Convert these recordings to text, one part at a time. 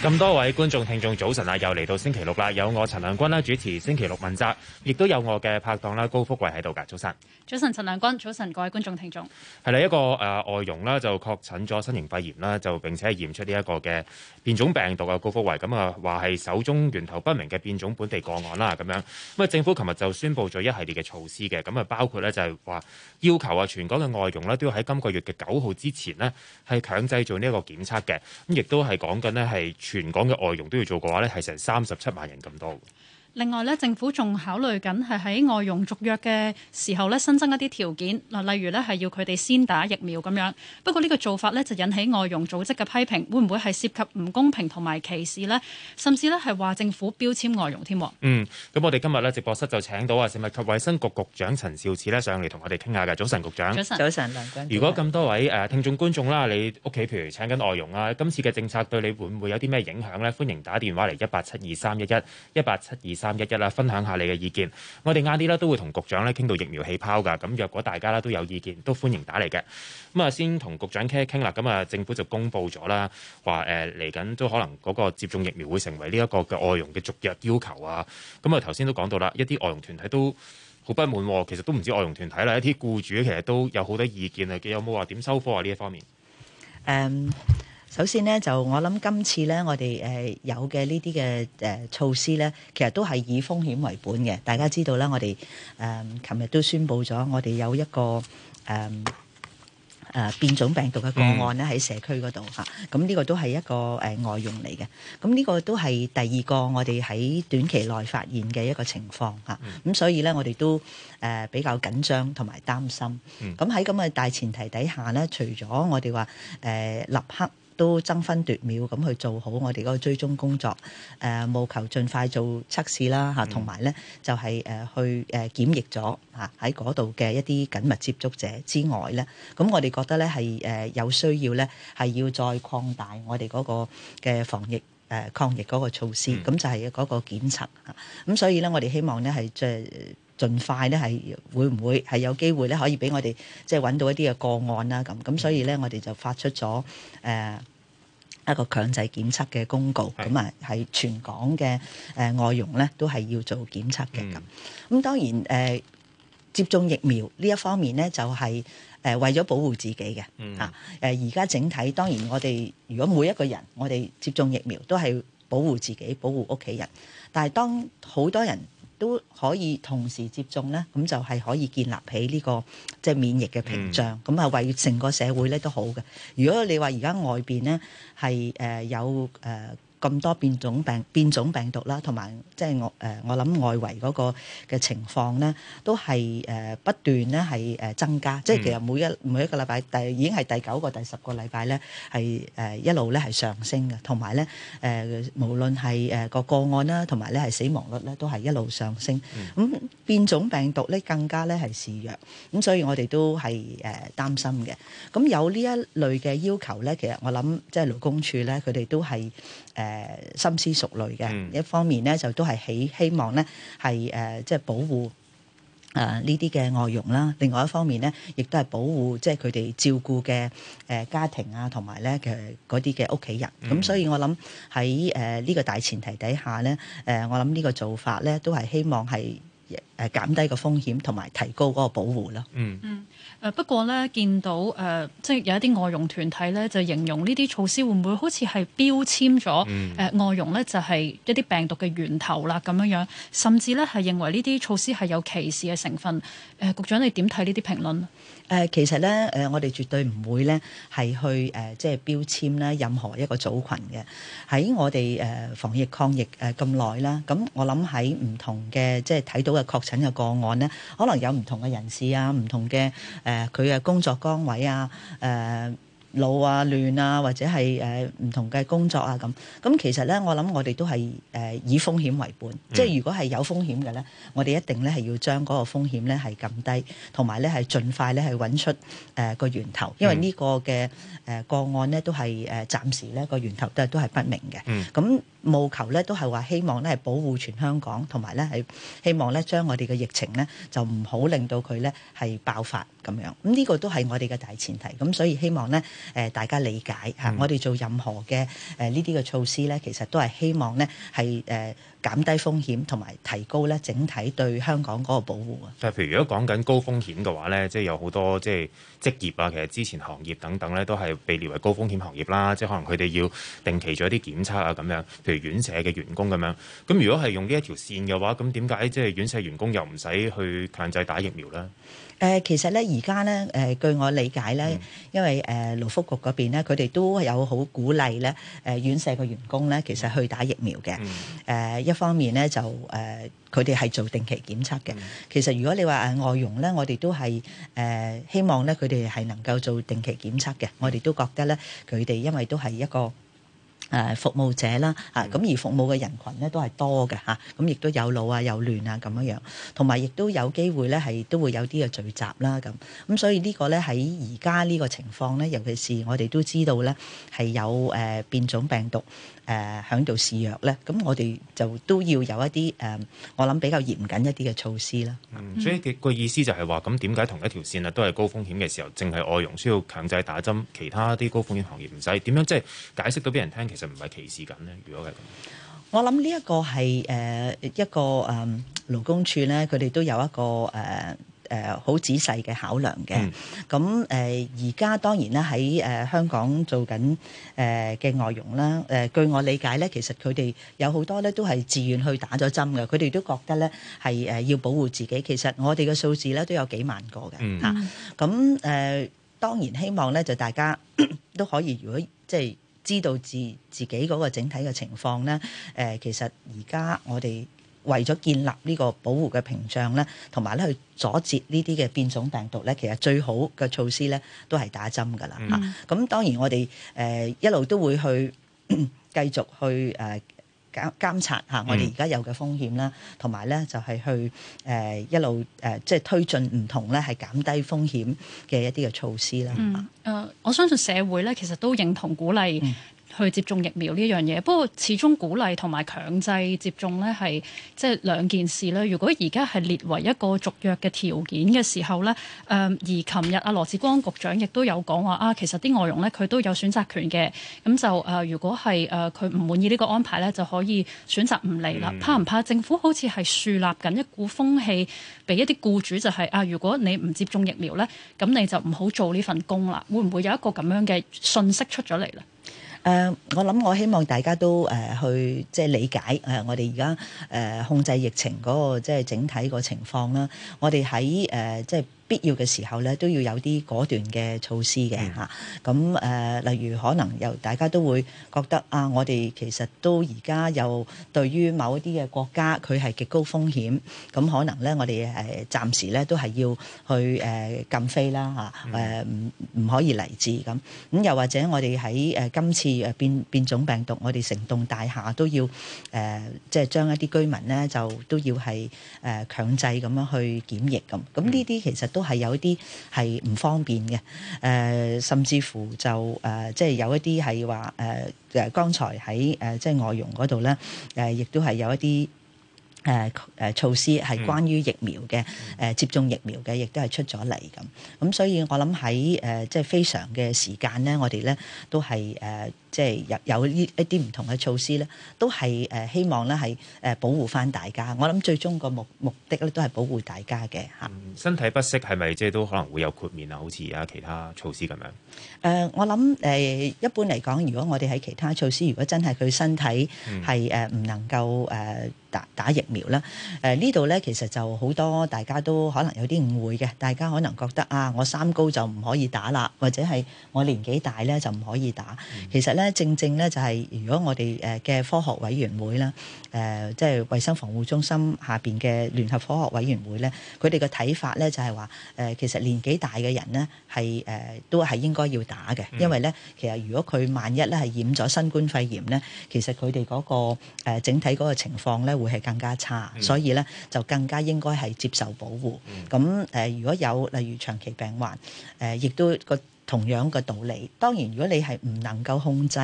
咁多位觀眾聽眾早晨啊，又嚟到星期六啦，有我陳亮君啦主持星期六問責，亦都有我嘅拍檔啦高福慧喺度噶，早晨，早晨陳亮君，早晨各位觀眾聽眾，係啦一個誒、呃、外傭啦就確診咗新型肺炎啦，就並且係驗出呢一個嘅變種病毒啊，高福慧咁啊話係首宗源頭不明嘅變種本地個案啦咁樣，咁啊政府琴日就宣布咗一系列嘅措施嘅，咁啊包括咧就係話要求啊全港嘅外傭呢，都要喺今個月嘅九號之前呢，係強制做呢一個檢測嘅，咁亦都係講緊呢，係。全港嘅外傭都要做嘅話咧，係成三十七萬人咁多。另外咧，政府仲考慮緊係喺外傭續約嘅時候咧，新增一啲條件，嗱，例如咧係要佢哋先打疫苗咁樣。不過呢個做法咧就引起外傭組織嘅批評，會唔會係涉及唔公平同埋歧視呢？甚至咧係話政府標籤外傭添。嗯，咁我哋今日咧直播室就請到啊食物及衛生局局長陳肇始咧上嚟同我哋傾下嘅。早晨，局長。早晨，早晨，如果咁多位誒聽眾觀眾啦，你屋企譬如請緊外傭啊，今次嘅政策對你會唔會有啲咩影響呢？歡迎打電話嚟一八七二三一一一八七二三，一一啦，分享下你嘅意見。我哋啱啲咧都會同局長咧傾到疫苗氣泡噶。咁若果大家咧都有意見，都歡迎打嚟嘅。咁啊，先同局長傾一傾啦。咁啊，政府就公布咗啦，話誒嚟緊都可能嗰個接種疫苗會成為呢一個嘅外傭嘅續約要求啊。咁啊，頭先都講到啦，一啲外傭團體都好不滿。其實都唔知外傭團體啦，一啲雇主其實都有好多意見啊。佢有冇話點收科啊？呢一方面，誒。首先咧，就我諗今次咧，我哋誒有嘅呢啲嘅誒措施咧，其實都係以風險為本嘅。大家知道啦，我哋誒琴日都宣布咗，我哋有一個誒誒、嗯、變種病毒嘅個案咧喺社區嗰度吓，咁呢個都係一個誒外傭嚟嘅。咁呢個都係第二個我哋喺短期內發現嘅一個情況吓，咁、嗯、所以咧，我哋都誒比較緊張同埋擔心。咁喺咁嘅大前提底下咧，除咗我哋話誒立刻。都爭分奪秒咁去做好我哋嗰個追蹤工作，誒務求盡快做測試啦嚇，同埋咧就係誒去誒檢疫咗嚇喺嗰度嘅一啲緊密接觸者之外咧，咁我哋覺得咧係誒有需要咧係要再擴大我哋嗰個嘅防疫誒抗疫嗰個措施，咁就係嗰個檢測嚇，咁所以咧我哋希望咧係即係。盡快咧，係會唔會係有機會咧，可以俾我哋即係揾到一啲嘅個案啦？咁咁，所以咧，我哋就發出咗誒、呃、一個強制檢測嘅公告，咁啊是，喺全港嘅誒外傭咧都係要做檢測嘅咁。咁、嗯、當然誒、呃、接種疫苗呢一方面咧，就係誒為咗保護自己嘅嚇。誒而家整體當然我哋如果每一個人我哋接種疫苗都係保護自己、保護屋企人，但係當好多人。都可以同時接種咧，咁就係可以建立起呢、這個即係、就是、免疫嘅屏障，咁啊、嗯、為成個社會咧都好嘅。如果你話而家外邊咧係誒有誒。呃咁多變種病變種病毒啦，同埋即係我誒，我諗外圍嗰個嘅情況咧，都係誒、呃、不斷咧係誒增加，即係、嗯、其實每一每一個禮拜第已經係第九個、第十個禮拜咧，係誒、呃、一路咧係上升嘅，同埋咧誒無論係誒個個案啦，同埋咧係死亡率咧，都係一路上升。咁、嗯、變種病毒咧更加咧係示弱，咁所以我哋都係誒擔心嘅。咁有呢一類嘅要求咧，其實我諗即係勞工處咧，佢哋都係。誒深、呃、思熟慮嘅、嗯、一方面咧，就都係希希望咧係誒，即係、呃就是、保護誒呢啲嘅外傭啦。另外一方面咧，亦都係保護即係佢哋照顧嘅誒、呃、家庭啊，同埋咧嘅嗰啲嘅屋企人。咁、嗯、所以我諗喺誒呢個大前提底下咧，誒、呃、我諗呢個做法咧都係希望係誒減低個風險，同埋提高嗰個保護咯。嗯嗯。不過咧，見到誒、呃，即係有一啲外傭團體咧，就形容呢啲措施會唔會好似係標籤咗、嗯呃、外傭咧，就係、是、一啲病毒嘅源頭啦咁樣樣，甚至咧係認為呢啲措施係有歧視嘅成分、呃。局長你點睇呢啲評論？誒其實咧，我哋絕對唔會咧係去誒即係標籤咧任何一個組群嘅。喺我哋誒防疫抗疫誒咁耐啦，咁我諗喺唔同嘅即係睇到嘅確診嘅個案咧，可能有唔同嘅人士啊，唔同嘅誒佢嘅工作崗位啊，呃老啊、亂啊，或者係誒唔同嘅工作啊，咁咁其實咧，我諗我哋都係誒、呃、以風險為本，嗯、即係如果係有風險嘅咧，我哋一定咧係要將嗰個風險咧係撳低，同埋咧係盡快咧係揾出誒、呃、個源頭，因為呢個嘅誒、呃、個案咧都係誒、呃、暫時咧個源頭都都係不明嘅，咁。嗯嗯務求咧都係話希望咧係保護全香港，同埋咧係希望咧將我哋嘅疫情咧就唔好令到佢咧係爆發咁樣。咁、嗯、呢、呢個都係我哋嘅大前提。咁所以希望咧誒、呃、大家理解吓、啊，我哋做任何嘅誒呢啲嘅措施咧，其實都係希望咧係誒。減低風險同埋提高咧整體對香港嗰個保護啊！但係譬如如果講緊高風險嘅話咧，即係有好多即係職業啊，其實之前行業等等咧都係被列為高風險行業啦。即係可能佢哋要定期做一啲檢測啊，咁樣。譬如院舍嘅員工咁樣。咁如果係用呢一條線嘅話，咁點解即係院舍員工又唔使去強制打疫苗咧？呃、其實咧，而家咧，誒、呃、據我理解咧，因為誒、呃、勞福局嗰邊咧，佢哋都有好鼓勵咧，誒、呃、院舍嘅員工咧，其實去打疫苗嘅、嗯呃。一方面咧就誒，佢哋係做定期檢測嘅。其實如果你話外傭咧，我哋都係、呃、希望咧，佢哋係能夠做定期檢測嘅。我哋都覺得咧，佢哋因為都係一個，誒服務者啦，啊咁而服務嘅人群咧都係多嘅嚇，咁亦都有老啊有嫩啊咁樣樣，同埋亦都有機會咧係都會有啲嘅聚集啦咁，咁所以呢個咧喺而家呢個情況咧，尤其是我哋都知道咧係有誒變種病毒誒響度肆虐咧，咁我哋就都要有一啲誒我諗比較嚴謹一啲嘅措施啦。嗯，所以個意思就係話，咁點解同一條線啊都係高風險嘅時候，淨係外佣需要強制打針，其他啲高風險行業唔使？點樣即係、就是、解釋到俾人聽？就唔係歧視緊咧。如果係咁，我諗呢一個係誒一個誒勞工處咧，佢哋都有一個誒誒好仔細嘅考量嘅。咁誒而家當然咧喺誒香港做緊誒嘅外傭啦。誒、呃、據我理解咧，其實佢哋有好多咧都係自願去打咗針嘅。佢哋都覺得咧係誒要保護自己。其實我哋嘅數字咧都有幾萬個嘅嚇。咁誒、嗯啊呃、當然希望咧就大家 都可以，如果即係。知道自己自己嗰個整體嘅情況咧，誒、呃，其實而家我哋為咗建立呢個保護嘅屏障咧，同埋咧去阻截呢啲嘅變種病毒咧，其實最好嘅措施咧都係打針㗎啦嚇。咁、嗯啊、當然我哋誒、呃、一路都會去繼續去誒。呃監察嚇，我哋而家有嘅風險啦，同埋咧就係去誒、呃、一路誒，即、呃、係、就是、推進唔同咧，係減低風險嘅一啲嘅措施啦嚇。誒、嗯，啊、我相信社會咧其實都認同鼓勵。嗯去接種疫苗呢樣嘢，不過始終鼓勵同埋強制接種呢係即係兩件事咧。如果而家係列為一個續約嘅條件嘅時候呢誒、嗯、而琴日阿羅志光局長亦都有講話啊，其實啲外傭呢，佢都有選擇權嘅。咁就誒、啊，如果係誒佢唔滿意呢個安排呢，就可以選擇唔嚟啦。嗯、怕唔怕政府好似係樹立緊一股風氣，俾一啲僱主就係、是、啊，如果你唔接種疫苗呢，咁你就唔好做呢份工啦。會唔會有一個咁樣嘅信息出咗嚟呢？Uh, 我諗我希望大家都、uh, 去即、即係、理解、uh, 我哋而家控制疫情嗰、那、即、個即係、整體個情況啦。我哋喺即係必要嘅時候咧，都要有啲果斷嘅措施嘅嚇。咁誒、呃，例如可能由大家都會覺得啊，我哋其實都而家又對於某一啲嘅國家，佢係極高風險，咁可能咧，我哋誒暫時咧都係要去誒禁飛啦嚇，誒唔唔可以嚟自咁。咁又或者我哋喺誒今次誒變變種病毒，我哋成棟大廈都要誒，即、呃、係、即係、將一啲居民咧就都要係誒強制咁樣去檢疫咁。咁呢啲其實都。都係有一啲係唔方便嘅。誒、呃，甚至乎就誒，即、呃、係、就是、有一啲係話誒，誒、呃，剛才喺誒，即、呃、係、就是、外傭嗰度咧，誒、呃，亦都係有一啲。誒誒、呃呃，措施係關於疫苗嘅，誒、嗯呃、接種疫苗嘅，亦都係出咗嚟咁。咁、嗯、所以我諗喺誒，即係非常嘅時間咧，我哋咧都係誒、呃，即係有有呢一啲唔同嘅措施咧，都係誒、呃、希望咧係誒保護翻大家。我諗最終個目目的咧都係保護大家嘅，吓、嗯。身體不適係咪即係都可能會有豁免啊？好似而家其他措施咁樣？誒、呃，我諗誒、呃，一般嚟講，如果我哋喺其他措施，如果真係佢身體係誒唔能夠誒。嗯打，打疫苗啦，呃、呢度咧其實就好多大家都可能有啲誤會嘅，大家可能覺得啊，我三高就唔可以打啦，或者係我年紀大咧就唔可以打。嗯、其實咧正正咧就係、是，如果我哋誒嘅科學委員會啦，即、呃、係、就是、衛生防護中心下面嘅聯合科學委員會咧，佢哋嘅睇法咧就係、是、話、呃，其實年紀大嘅人咧係、呃、都係應該要打嘅，嗯、因為咧其實如果佢萬一咧係染咗新冠肺炎咧，其實佢哋嗰個、呃、整體嗰個情況咧。會係更加差，所以咧就更加應該係接受保護。咁誒、呃，如果有例如長期病患，誒、呃，亦都個。同樣嘅道理，當然如果你係唔能夠控制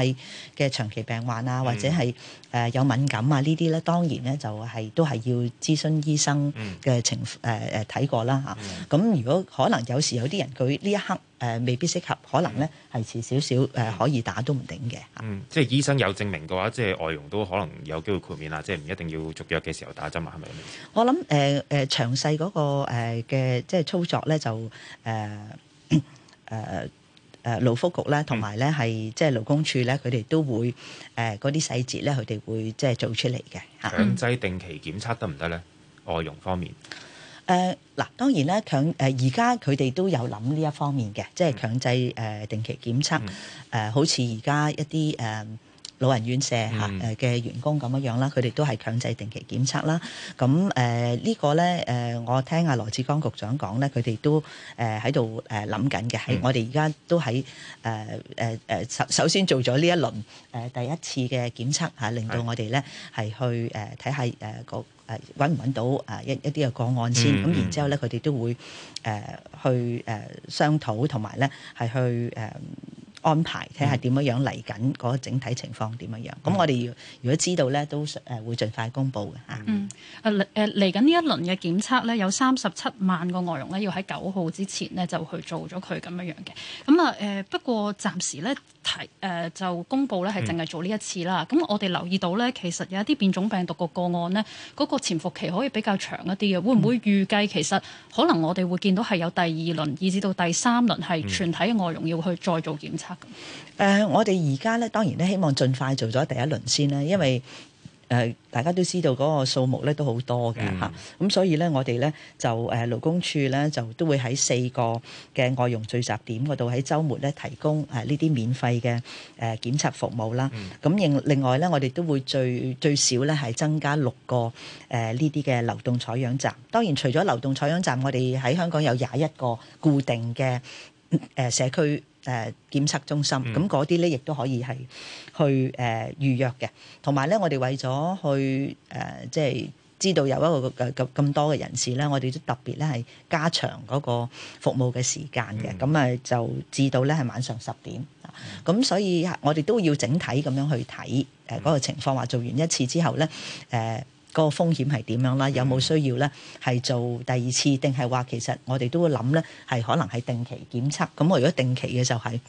嘅長期病患啊，嗯、或者係誒、呃、有敏感啊呢啲咧，當然咧就係、是、都係要諮詢醫生嘅情誒誒睇過啦嚇。咁、嗯、如果可能有時候有啲人佢呢一刻誒、呃、未必適合，可能咧係遲少少誒可以打都唔定嘅。嗯，即係醫生有證明嘅話，即係外傭都可能有機會豁免啦，即係唔一定要續約嘅時候打針啊，係咪？我諗誒誒，詳細嗰個嘅、呃、即係操作咧就誒。呃 誒誒勞福局咧，同埋咧係即係勞工處咧，佢哋都會嗰啲、呃、細節咧，佢哋會即係、就是、做出嚟嘅。嗯、強制定期檢測得唔得咧？外傭方面嗱、呃，當然啦，強而家佢哋都有諗呢一方面嘅，即、就是、強制定期檢測、嗯呃、好似而家一啲老人院舍嚇誒嘅員工咁樣樣啦，佢哋都係強制定期檢測啦。咁誒呢個咧誒，我聽阿羅致光局長講咧，佢哋都誒喺度誒諗緊嘅。喺我哋而家都喺誒誒誒首首先做咗呢一輪誒第一次嘅檢測嚇，令到我哋咧係去誒睇下誒個誒揾唔揾到誒一一啲嘅個案先。咁然之後咧，佢哋都會誒去誒商討，同埋咧係去誒。安排睇下點樣樣嚟緊，嗰個整體情況點樣樣。咁、嗯、我哋如果知道咧，都誒會盡快公佈嘅嚇。嗯，誒誒嚟緊呢一輪嘅檢測咧，有三十七萬個外傭咧，要喺九號之前咧就去做咗佢咁樣樣嘅。咁啊誒，不過暫時咧。提、呃、就公布咧，係淨係做呢一次啦。咁、嗯、我哋留意到咧，其實有一啲變種病毒個個案咧，嗰個潛伏期可以比較長一啲嘅。會唔會預計其實可能我哋會見到係有第二輪，以至到第三輪係全體外傭要去再做檢測？誒、嗯呃，我哋而家咧當然咧希望盡快做咗第一輪先啦，因為，呃、大家都知道嗰個數目咧都好多嘅吓、mm. 啊、所以咧我哋咧就誒勞工處咧就都會喺四個嘅外傭聚集點嗰度喺週末咧提供呢啲免費嘅誒、呃、檢測服務啦。咁另、mm. 啊、另外咧，我哋都會最最少咧係增加六個呢啲嘅流動採樣站。當然，除咗流動採樣站，我哋喺香港有廿一個固定嘅、呃、社區。誒、呃、檢測中心，咁嗰啲咧亦都可以係去誒預、呃、約嘅。同埋咧，我哋為咗去誒、呃，即係知道有一個咁咁、呃、多嘅人士咧，我哋都特別咧係加長嗰個服務嘅時間嘅。咁啊、嗯，就至到咧係晚上十點、嗯、啊。咁所以我哋都要整體咁樣去睇誒嗰個情況。話做完一次之後咧，誒、呃。個風險係點樣啦？有冇需要咧？係做第二次，定係話其實我哋都會諗咧，係可能係定期檢測。咁我如果定期嘅就係、係。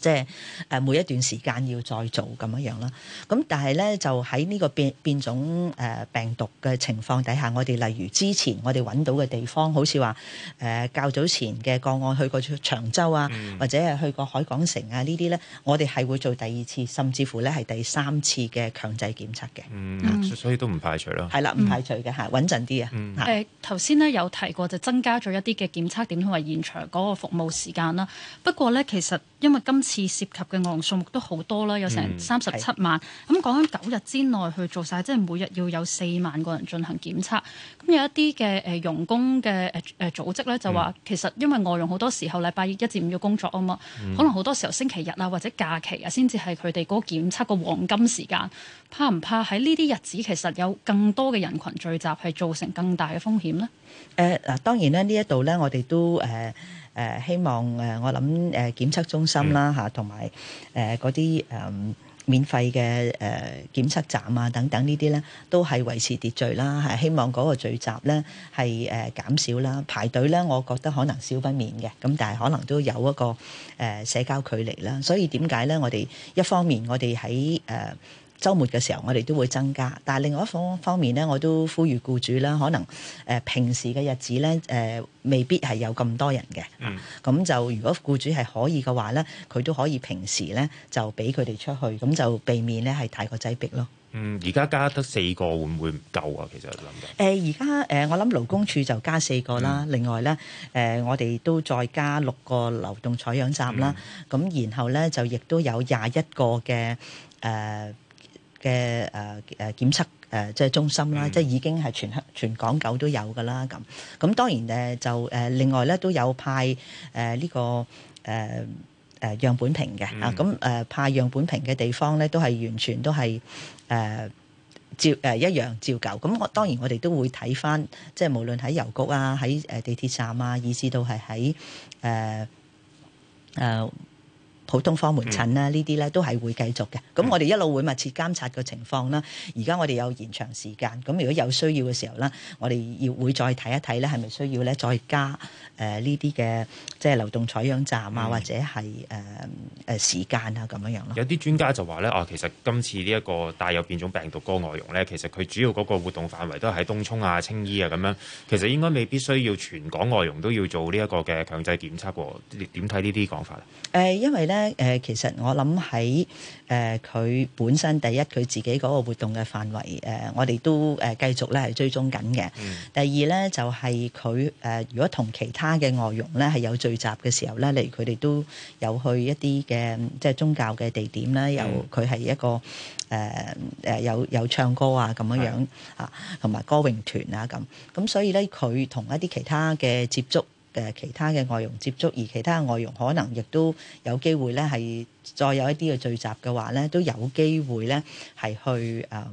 即係誒每一段時間要再做咁樣樣啦。咁但係咧，就喺呢個變變種誒病毒嘅情況底下，我哋例如之前我哋揾到嘅地方，好似話誒較早前嘅個案去過長洲啊，嗯、或者係去過海港城啊這些呢啲咧，我哋係會做第二次，甚至乎咧係第三次嘅強制檢測嘅。嗯，所以都唔排除咯。係啦，唔排除嘅嚇、嗯，穩陣啲啊。誒頭先咧有提過就增加咗一啲嘅檢測點同埋現場嗰個服務時間啦。不過咧，其實。因為今次涉及嘅外傭數目都好多啦，有成三十七萬。咁講緊九日之內去做晒，即係每日要有四萬個人進行檢測。咁有一啲嘅誒傭工嘅誒誒組織咧，就話、嗯、其實因為外傭好多時候禮拜一至五要工作啊嘛，嗯、可能好多時候星期日啊或者假期啊，先至係佢哋嗰個檢測個黃金時間。怕唔怕喺呢啲日子其實有更多嘅人群聚集，係造成更大嘅風險呢？誒嗱、呃，當然咧呢一度咧，我哋都誒。呃誒、呃、希望誒我諗誒、呃、檢測中心啦嚇，同埋誒嗰啲誒免費嘅誒、呃、檢測站啊等等這些呢啲咧，都係維持秩序啦。係希望嗰個聚集咧係誒減少啦，排隊咧我覺得可能少不免嘅，咁但係可能都有一個誒、呃、社交距離啦。所以點解咧？我哋一方面我哋喺誒。呃周末嘅時候，我哋都會增加。但係另外一方方面咧，我都呼籲僱主啦，可能誒、呃、平時嘅日子咧誒、呃，未必係有咁多人嘅。嗯。咁、啊、就如果僱主係可以嘅話咧，佢都可以平時咧就俾佢哋出去，咁就避免咧係太過擠迫咯。嗯，而家加得四個會唔會唔夠啊？其實諗諗。誒，而家誒，我諗勞工處就加四個啦。嗯、另外咧，誒、呃，我哋都再加六個流動採樣站啦。咁、嗯啊，然後咧就亦都有廿一個嘅誒。呃嘅誒誒檢測誒、呃、即係中心啦，嗯、即係已經係全香全港九都有嘅啦咁。咁當然誒就誒、呃、另外咧都有派誒呢、呃這個誒誒樣本瓶嘅、嗯、啊。咁誒派樣本瓶嘅地方咧都係完全都係誒、呃、照誒一樣照舊。咁、呃、我、呃呃、當然我哋都會睇翻，即係無論喺郵局啊，喺誒地鐵站啊，以至到係喺誒誒。呃呃普通科門診啦，呢啲咧都係會繼續嘅。咁、嗯、我哋一路會密切監察個情況啦。而家、嗯、我哋有延長時間，咁如果有需要嘅時候啦，我哋要會再睇一睇咧，係咪需要咧再加誒呢啲嘅即係流動採樣站啊，或者係誒誒時間啊咁、嗯、樣樣咯。有啲專家就話咧，哦、啊，其實今次呢一個帶有變種病毒個外傭咧，其實佢主要嗰個活動範圍都係喺東涌啊、青衣啊咁樣，其實應該未必需要全港外傭都要做呢一個嘅強制檢測喎。點睇呢啲講法啊？誒、呃，因為咧。咧其實我諗喺誒佢本身第一，佢自己嗰個活動嘅範圍誒，我哋都誒繼續咧係追蹤緊嘅。嗯、第二咧就係佢誒，如果同其他嘅外傭咧係有聚集嘅時候咧，例如佢哋都有去一啲嘅即係宗教嘅地點啦，有佢係一個誒誒、呃、有有唱歌啊咁樣樣啊，同埋是歌詠團啊咁，咁所以咧佢同一啲其他嘅接觸。誒其他嘅外傭接觸，而其他嘅外傭可能亦都有機會咧，係再有一啲嘅聚集嘅話咧，都有機會咧係去誒誒、呃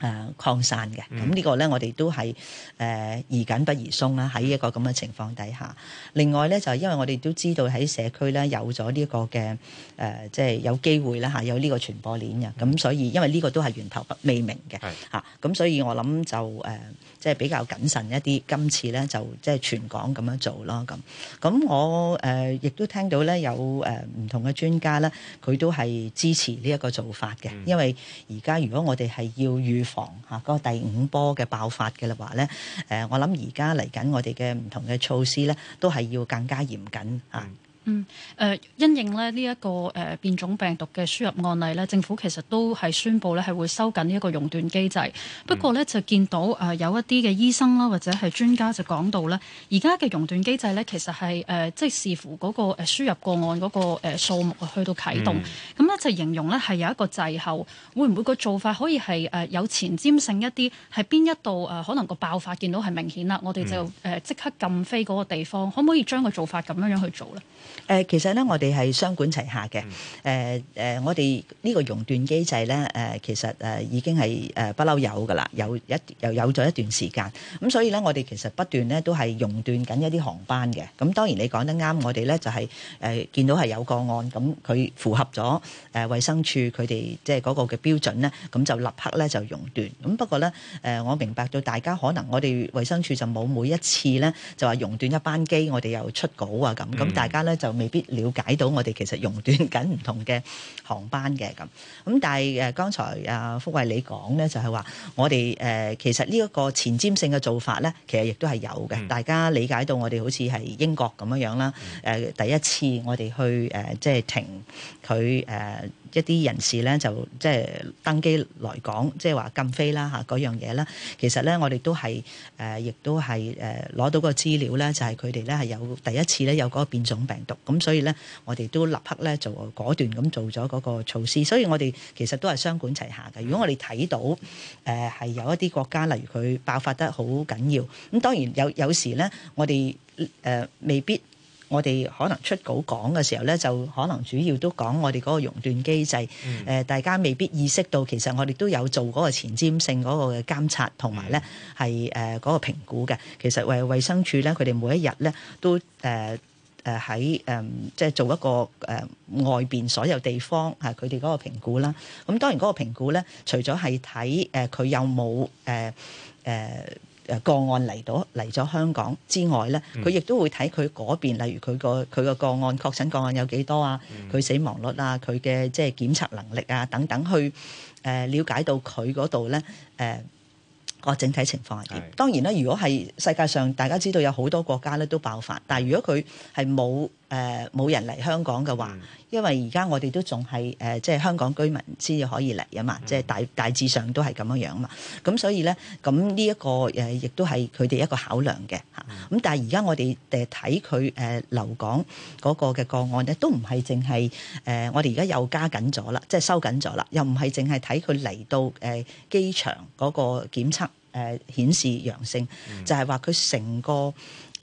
呃、擴散嘅。咁、嗯、呢個咧，我哋都係誒宜緊不宜鬆啦。喺一個咁嘅情況底下，另外咧就係因為我哋都知道喺社區咧有咗呢個嘅誒、呃，即係有機會啦嚇、啊，有呢個傳播鏈嘅。咁、嗯、所以因為呢個都係源頭不未明嘅嚇，咁是的、啊、所以我諗就誒。呃即係比較謹慎一啲，今次咧就即係全港咁樣做咯。咁咁我誒亦、呃、都聽到咧有誒唔、呃、同嘅專家咧，佢都係支持呢一個做法嘅。因為而家如果我哋係要預防嚇嗰、啊那個、第五波嘅爆發嘅喇話咧，誒、啊、我諗而家嚟緊我哋嘅唔同嘅措施咧，都係要更加嚴謹嚇。啊嗯，誒、呃、因應咧呢一、這個誒、呃、變種病毒嘅輸入案例咧，政府其實都係宣布咧係會收緊呢一個熔斷機制。不過咧就見到誒、呃、有一啲嘅醫生啦或者係專家就講到咧，而家嘅熔斷機制咧其實係誒即係視乎嗰個誒輸入個案嗰、那個誒、呃、數目去到啟動。咁咧、嗯、就形容咧係有一個滯後，會唔會個做法可以係誒、呃、有前瞻性一啲？係邊一度誒可能個爆發見到係明顯啦，我哋就誒即、嗯呃、刻禁飛嗰個地方，可唔可以將個做法咁樣樣去做咧？呃、其實咧，我哋係雙管齊下嘅、呃呃。我哋呢個熔斷機制咧、呃，其實已經係不嬲有㗎啦，有一又有咗一段時間。咁所以咧，我哋其實不斷咧都係熔斷緊一啲航班嘅。咁當然你講得啱，我哋咧就係、是、誒、呃、見到係有個案，咁佢符合咗誒、呃、衛生署佢哋即係嗰個嘅標準咧，咁就立刻咧就熔斷。咁不過咧、呃，我明白到大家可能我哋衛生署就冇每一次咧就話熔斷一班機，我哋又出稿啊咁。咁大家咧，就未必了解到我哋其實熔斷緊唔同嘅航班嘅咁咁但係誒，剛才阿、啊、福慧你講咧，就係話我哋誒、呃、其實呢一個前瞻性嘅做法咧，其實亦都係有嘅，大家理解到我哋好似係英國咁樣樣啦，誒第一次我哋去誒即係停佢誒一啲人士咧就即係登機來港，即係話禁飛啦嚇嗰樣嘢啦。其實咧，我哋都係誒，亦、呃、都係誒攞到個資料咧，就係佢哋咧係有第一次咧有嗰個變種病毒。咁所以咧，我哋都立刻咧就果斷咁做咗嗰個措施。所以我哋其實都係雙管齊下嘅。如果我哋睇到誒係、呃、有一啲國家，例如佢爆發得好緊要，咁當然有有時咧，我哋誒、呃、未必。我哋可能出稿講嘅時候咧，就可能主要都講我哋嗰個熔斷機制。誒、嗯，大家未必意識到，其實我哋都有做嗰個前瞻性嗰個嘅監察，同埋咧係誒嗰個評估嘅。其實衞衞生署咧，佢哋每一日咧都誒誒喺誒即係做一個誒、呃、外邊所有地方係佢哋嗰個評估啦。咁、嗯、當然嗰個評估咧，除咗係睇誒佢有冇誒誒。呃呃個案嚟到嚟咗香港之外咧，佢亦都會睇佢嗰邊，例如佢個佢個個案確診個案有幾多啊？佢死亡率啊，佢嘅即係檢測能力啊等等，去誒瞭解到佢嗰度咧誒個整體情況係點。是當然啦，如果係世界上大家知道有好多國家咧都爆發，但係如果佢係冇。誒冇、呃、人嚟香港嘅話，因為而家我哋都仲係誒，即係香港居民先至可以嚟啊嘛，即係、嗯、大大致上都係咁樣樣啊嘛。咁所以咧，咁呢一個誒，亦都係佢哋一個考量嘅嚇。咁、啊、但係而家我哋誒睇佢誒留港嗰個嘅個案咧，都唔係淨係誒，我哋而家又加緊咗啦，即、就、係、是、收緊咗啦，又唔係淨係睇佢嚟到誒、呃、機場嗰個檢測誒、呃、顯示陽性，嗯、就係話佢成個。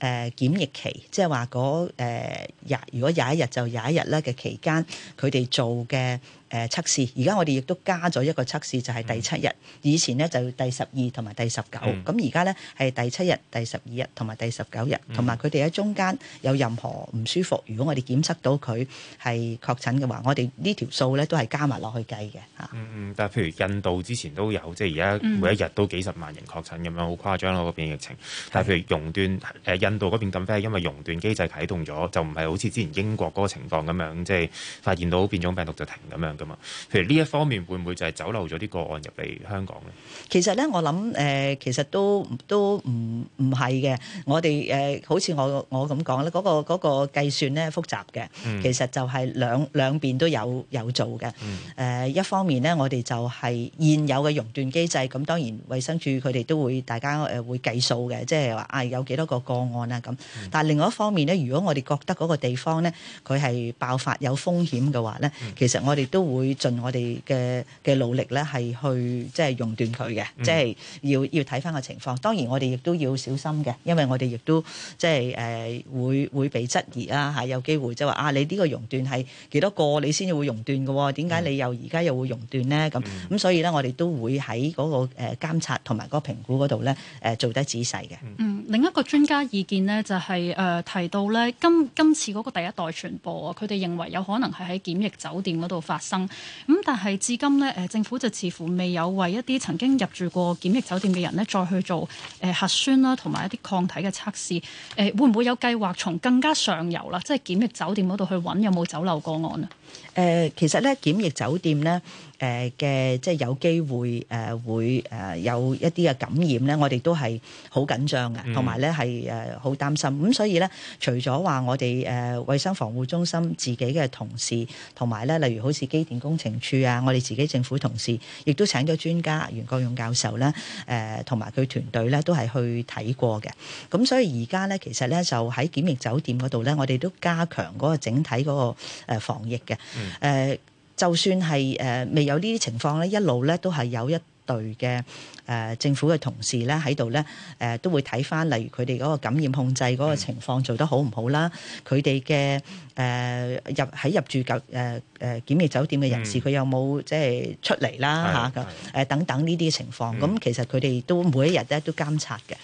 誒、呃、檢疫期，即係話，嗰、呃、廿，如果廿一日就廿一日咧嘅期間，佢哋做嘅。誒、呃、測試，而家我哋亦都加咗一個測試，就係、是、第七日。嗯、以前呢，就第十二同埋第十九，咁而家呢，係第七日、第十二日同埋第十九日，同埋佢哋喺中間有任何唔舒服，如果我哋檢測到佢係確診嘅話，我哋呢條數呢都係加埋落去計嘅。嗯嗯，但係譬如印度之前都有，即係而家每一日都幾十萬人確診咁樣，好、嗯、誇張咯、啊、嗰邊疫情。但係譬如熔斷，誒是的、啊、印度嗰邊咁，係因為熔斷機制啟動咗，就唔係好似之前英國嗰個情況咁樣，即係發現到變種病毒就停咁樣。噶嘛，譬如呢一方面會唔會就係走漏咗啲個案入嚟香港咧？其實咧，我諗誒、呃，其實都都唔唔係嘅。我哋誒、呃，好似我我咁講咧，嗰個嗰個計算咧複雜嘅，其實就係兩兩邊都有有做嘅。誒、呃、一方面咧，我哋就係現有嘅熔斷機制，咁當然衞生署佢哋都會大家誒會計數嘅，即係話啊有幾多個個案啊咁。但係另外一方面咧，如果我哋覺得嗰個地方咧佢係爆發有風險嘅話咧，其實我哋都會。會盡我哋嘅嘅努力咧，係去即係熔斷佢嘅，嗯、即係要要睇翻個情況。當然我哋亦都要小心嘅，因為我哋亦都即係誒會會被質疑啦嚇、啊，有機會就話啊，你呢個熔斷係幾多個你先至會熔斷嘅？點解你又而家又會熔斷咧？咁咁、嗯嗯、所以咧，我哋都會喺嗰個誒監察同埋嗰個評估嗰度咧誒做得仔細嘅。嗯，另一個專家意見咧就係、是、誒、呃、提到咧今今次嗰個第一代傳播，佢哋認為有可能係喺檢疫酒店嗰度發生。咁、嗯、但係至今咧，誒政府就似乎未有為一啲曾經入住過檢疫酒店嘅人咧，再去做誒、呃、核酸啦，同埋一啲抗體嘅測試。誒、呃、會唔會有計劃從更加上游啦，即係檢疫酒店嗰度去揾有冇酒樓個案啊？誒、呃，其實咧，檢疫酒店呢。誒嘅、呃、即係有機會誒、呃、會誒有一啲嘅感染咧，我哋都係好緊張嘅，同埋咧係誒好擔心。咁、嗯、所以咧，除咗話我哋誒、呃、衞生防護中心自己嘅同事，同埋咧例如好似機電工程處啊，我哋自己政府同事，亦都請咗專家袁國勇教授咧誒，同埋佢團隊咧都係去睇過嘅。咁所以而家咧，其實咧就喺檢疫酒店嗰度咧，我哋都加強嗰個整體嗰個防疫嘅誒。嗯。就算係誒未有呢啲情況咧，一路咧都係有一隊嘅誒、呃、政府嘅同事咧喺度咧，誒、呃、都會睇翻，例如佢哋嗰個感染控制嗰個情況做得好唔好啦，佢哋嘅誒入喺入住酒誒誒檢疫酒店嘅人士，佢、嗯、有冇即係出嚟啦嚇，誒、嗯啊、等等呢啲情況。咁、嗯、其實佢哋都每一日咧都監察嘅。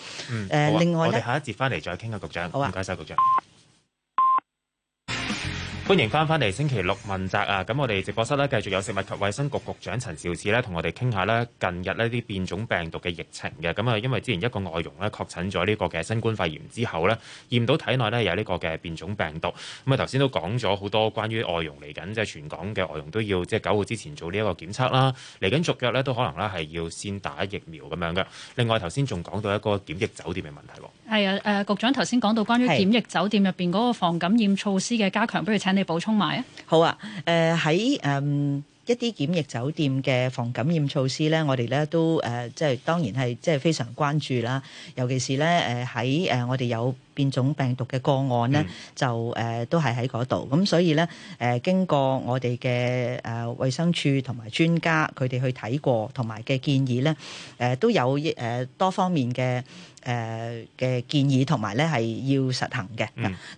誒，另外我哋下一節翻嚟再傾下，局長。好啊。唔該晒，局長。歡迎翻返嚟星期六問責啊！咁我哋直播室呢，繼續有食物及衛生局局長陳肇始呢，同我哋傾下呢近日呢啲變種病毒嘅疫情嘅咁啊，因為之前一個外傭呢確診咗呢個嘅新冠肺炎之後呢，驗到體內呢有呢個嘅變種病毒咁啊，頭先都講咗好多關於外傭嚟緊即係全港嘅外佣都要即係九號之前做呢一個檢測啦，嚟緊續約呢都可能呢係要先打疫苗咁樣嘅。另外頭先仲講到一個檢疫酒店嘅問題喎。係啊，誒局長頭先講到關於檢疫酒店入邊嗰個防感染措施嘅加強，不如請，你補充埋啊！好啊，喺、呃呃、一啲檢疫酒店嘅防感染措施咧，我哋咧都誒即、呃即係、當然係即係非常關注啦，尤其是咧喺、呃呃、我哋有。變種病毒嘅個案咧，就誒、呃、都係喺嗰度，咁所以咧誒、呃、經過我哋嘅誒衛生署同埋專家佢哋去睇過，同埋嘅建議咧，誒、呃、都有誒、呃、多方面嘅誒嘅建議，同埋咧係要實行嘅。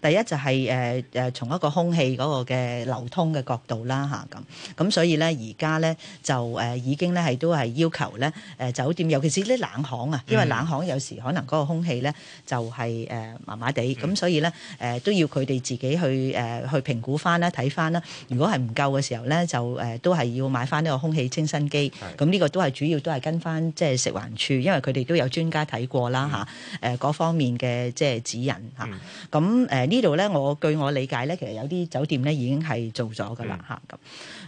第一就係誒誒從一個空氣嗰個嘅流通嘅角度啦嚇，咁、啊、咁所以咧而家咧就誒、呃、已經咧係都係要求咧誒酒店，尤其是啲冷巷啊，因為冷巷有時可能嗰個空氣咧就係、是、誒。呃麻麻地，咁、嗯、所以咧、呃，都要佢哋自己去、呃、去評估翻啦，睇翻啦。如果係唔夠嘅時候咧，就、呃、都係要買翻呢個空氣清新機。咁呢是的 個都係主要都係跟翻即係食環署，因為佢哋都有專家睇過啦嗰、嗯啊、方面嘅即係指引嚇。咁、啊嗯呃、呢度咧，我據我理解咧，其實有啲酒店咧已經係做咗㗎啦咁。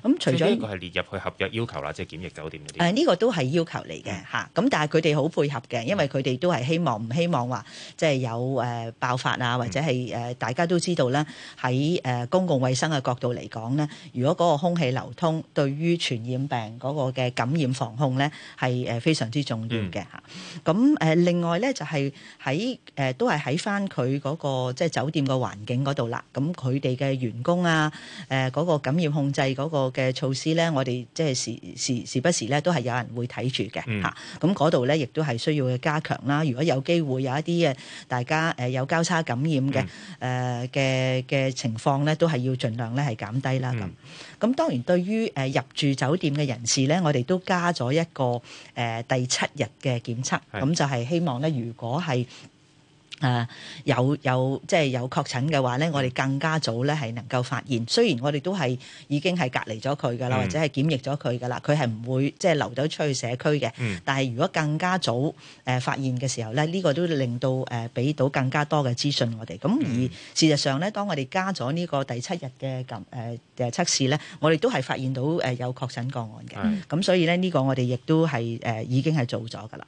嗯。咁除咗呢個係列入去合約要求啦，即係檢疫酒店嗰啲。誒呢、啊呢個都係要求嚟嘅嚇，咁、嗯、但係佢哋好配合嘅，因為佢哋都係希望唔希望話即係有誒爆發啊，或者係誒大家都知道咧，喺誒公共衛生嘅角度嚟講咧，如果嗰個空氣流通對於傳染病嗰個嘅感染防控咧係誒非常之重要嘅嚇。咁誒、嗯、另外咧就係喺誒都係喺翻佢嗰個即係、即係、酒店個環境嗰度啦。咁佢哋嘅員工啊，誒、那、嗰個感染控制嗰、嗰個嘅措施咧，我哋即係時時時不時咧，都係有人會睇住嘅吓，咁嗰度咧，亦都係需要去加強啦。如果有機會有一啲嘅大家誒、呃、有交叉感染嘅誒嘅嘅情況咧，都係要盡量咧係減低啦咁。咁、嗯、當然對於誒、呃、入住酒店嘅人士咧，我哋都加咗一個誒、呃、第七日嘅檢測，咁是的 就係希望咧，如果係誒、呃、有有即係有確診嘅話咧，我哋更加早咧係能夠發現。雖然我哋都係已經係隔離咗佢噶啦，mm. 或者係檢疫咗佢噶啦，佢係唔會即係流到出去社區嘅。Mm. 但係如果更加早誒發現嘅時候咧，呢、呢個都令到誒俾、呃、到更加多嘅資訊我哋。咁而事實上咧，當我哋加咗呢個第七日嘅咁誒嘅測試咧，我哋都係發現到有確診個案嘅。咁、mm. 所以咧，呢、呢個我哋亦都係誒已經係做咗噶啦。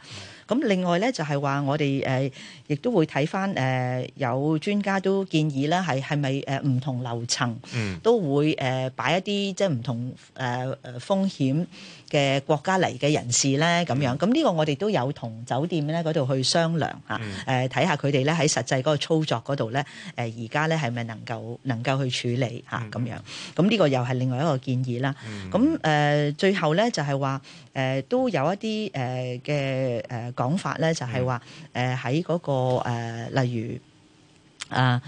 咁另外咧就係話我哋誒亦都會睇翻誒有專家都建議啦，係係咪誒唔同樓層都會誒擺一啲即係唔同誒誒風險嘅國家嚟嘅人士咧，咁樣咁呢、mm hmm. 個我哋都有同酒店咧嗰度去商量嚇，呃睇下佢哋咧喺實際嗰個操作嗰度咧，呃而家咧係咪能夠能夠去處理嚇咁樣，咁呢、mm hmm. 個又係另外一個建議啦。咁、mm hmm. 呃、最後咧就係、是、話、呃、都有一啲嘅講法咧，就係話喺嗰個、呃、例如啊。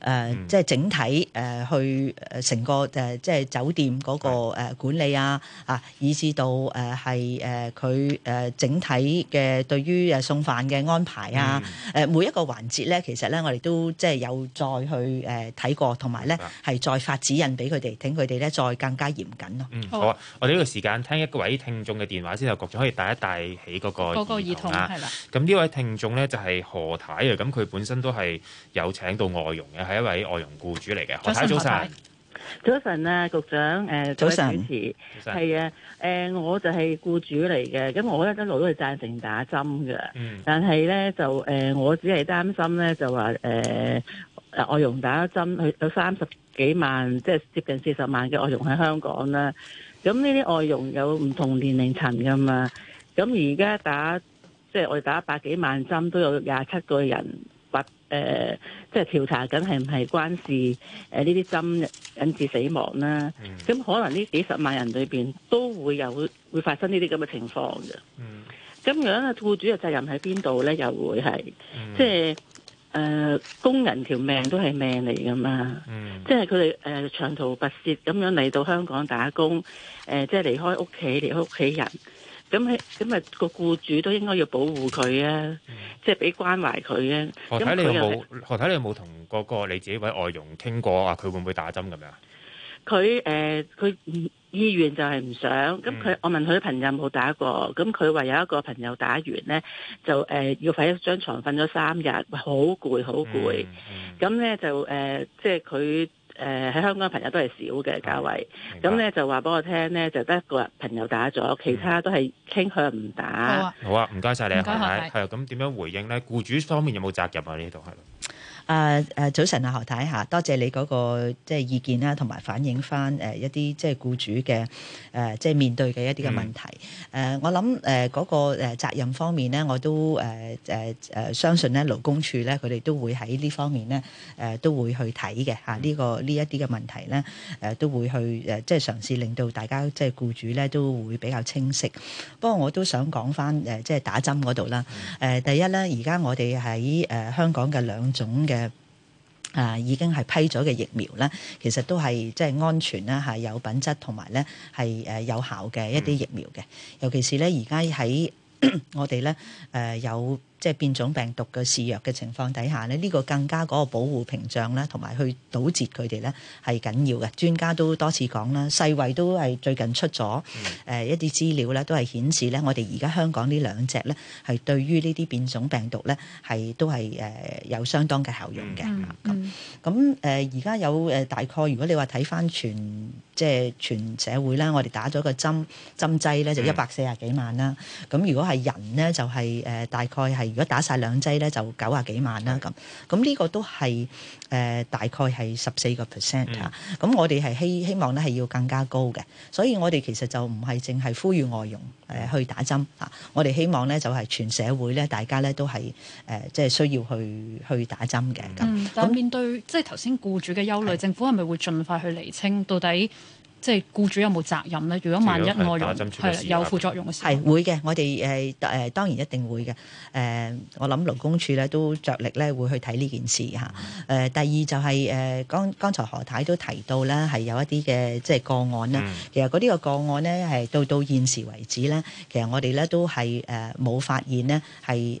誒、呃，即係整體誒，去誒成個誒、呃，即係酒店嗰個管理啊，的啊，以至到誒係誒佢誒整體嘅對於誒送飯嘅安排啊，誒的每一個環節咧，其實咧我哋都即係有再去誒睇、呃、過，同埋咧係再發指引俾佢哋，請佢哋咧再更加嚴謹咯。好啊，我哋呢個時間聽一位聽眾嘅電話先，啊，局長可以帶一帶起嗰個嗰個兒童啦，係啦。咁呢位聽眾咧就係何太啊，咁佢本身都係有請到外傭嘅。係一位外傭僱主嚟嘅。早晨，早晨啊，局長。誒，早晨，主持。係啊，誒，我就係僱主嚟嘅，咁我咧一路都係贊成打針嘅，嗯，但係咧就誒，我只係擔心咧就話誒，外傭打針，佢有三十幾萬，即係接近四十萬嘅外傭喺香港啦，咁呢啲外傭有唔同年齡層噶嘛，咁而家打即係我哋打百幾萬針，都有廿七個人。誒、呃，即係調查緊係唔係關事呢啲針引致死亡啦，咁、mm. 可能呢幾十萬人裏面都會有會發生呢啲咁嘅情況嘅。咁、mm. 樣啊，雇主嘅責任喺邊度咧？又會係、mm. 即係誒、呃，工人條命都係命嚟噶嘛？Mm. 即係佢哋長途跋涉咁樣嚟到香港打工，呃、即係離開屋企，離開屋企人，咁咪咁咪個僱主都應該要保護佢啊，嗯、即係俾關懷佢啊。何睇你有冇？就是、何睇你有冇同個個你自己位外傭傾過啊？佢會唔會打針咁樣？佢誒佢醫院就係唔想。咁佢、嗯、我問佢啲朋友冇打過。咁佢話有一個朋友打完咧，就誒、呃、要喺一張床瞓咗三日，好攰好攰。咁咧、嗯嗯、就誒、呃、即係佢。誒喺香港嘅朋友都係少嘅，嘉慧咁咧就話俾我聽咧，就得一個朋友打咗，其他都係傾向唔打。哦、好啊，唔該晒你，啊，唔該。係啊，咁點樣回應咧？僱主方面有冇責任啊？呢度係。啊，誒早晨啊，何太嚇，多謝你嗰個即係意見啦，同埋反映翻誒一啲即係僱主嘅誒即係面對嘅一啲嘅問題。誒、嗯、我諗誒嗰個誒責任方面咧，我都誒誒誒相信咧勞工處咧佢哋都會喺呢方面咧誒都會去睇嘅嚇呢個呢一啲嘅問題咧誒都會去誒即係嘗試令到大家即係僱主咧都會比較清晰。不過我都想講翻誒即係打針嗰度啦。誒第一咧，而家我哋喺誒香港嘅兩種嘅。啊，已經係批咗嘅疫苗咧，其實都係即係安全啦，係有品質同埋咧係誒有效嘅一啲疫苗嘅，尤其是咧，而家喺我哋咧誒有，即係變種病毒嘅肆虐嘅情況底下咧，呢、這個更加嗰個保護屏障啦，同埋去堵截佢哋咧係緊要嘅。專家都多次講啦，世衛都係最近出咗誒、嗯呃、一啲資料咧，都係顯示咧，我哋而家香港呢兩隻咧係對於呢啲變種病毒咧係都係誒、呃、有相當嘅效用嘅。咁咁誒而家有誒大概，如果你話睇返全即係、就是、全社會咧，我哋打咗個針針劑咧就一百四十幾萬啦。咁、嗯、如果係人咧就係、是、誒、呃、大概係。如果打晒兩劑咧，就九十幾萬啦咁，咁呢的個都係誒、呃、大概係十四個 percent 啊。咁、嗯、我哋係希希望咧係要更加高嘅，所以我哋其實就唔係淨係呼籲外傭誒去打針嚇，我哋希望咧就係全社會咧大家咧都係誒即係需要去去打針嘅咁。咁、嗯、那面對即係頭先僱主嘅憂慮，的政府係咪會盡快去釐清到底？.即係僱主有冇責任咧？如果萬一我用係有副作用嘅事，係會嘅。我哋誒誒當然一定會嘅。誒、呃、我諗勞工處咧都着力咧會去睇呢件事嚇。誒、呃、第二就係、是、誒、呃、剛剛才何太都提到咧係有一啲嘅即係個案啦。嗯、其實嗰啲個案咧係到到現時為止咧，其實我哋咧都係誒冇發現咧係誒